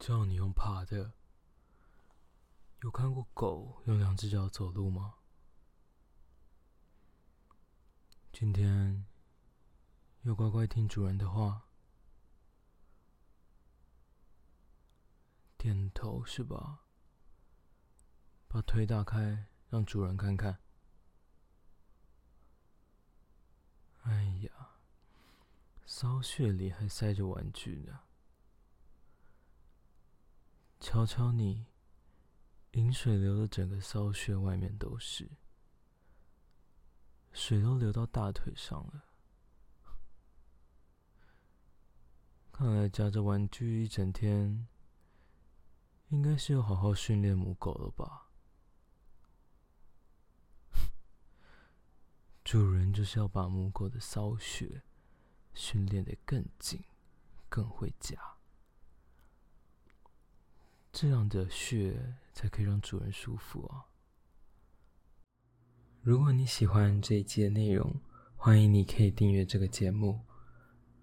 叫你用爬的。有看過狗用兩隻腳走路嗎？今天要乖乖聽主人的話，點頭是吧？把腿打開，讓主人看看。哎呀，騷穴裡還塞着玩具呢。瞧瞧你，淫水流了整個騷穴，外面都是，水都流到大腿上了。看來夾着玩具一整天，應該是要好好訓練母狗了吧？主人就是要把母狗的騷穴訓練得更緊，更會夾。這樣的穴才可以讓主人舒服啊，如果你喜歡這一期的內容，歡迎你可以訂閱這個節目。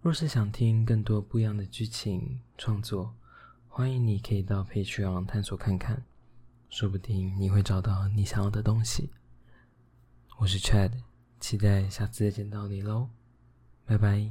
若是想聽更多不一樣的劇情創作，歡迎你可以到 Patreon 探索看看，說不定你會找到你想要的東西。我是 Chad，期待下次再見到你嘍，拜拜。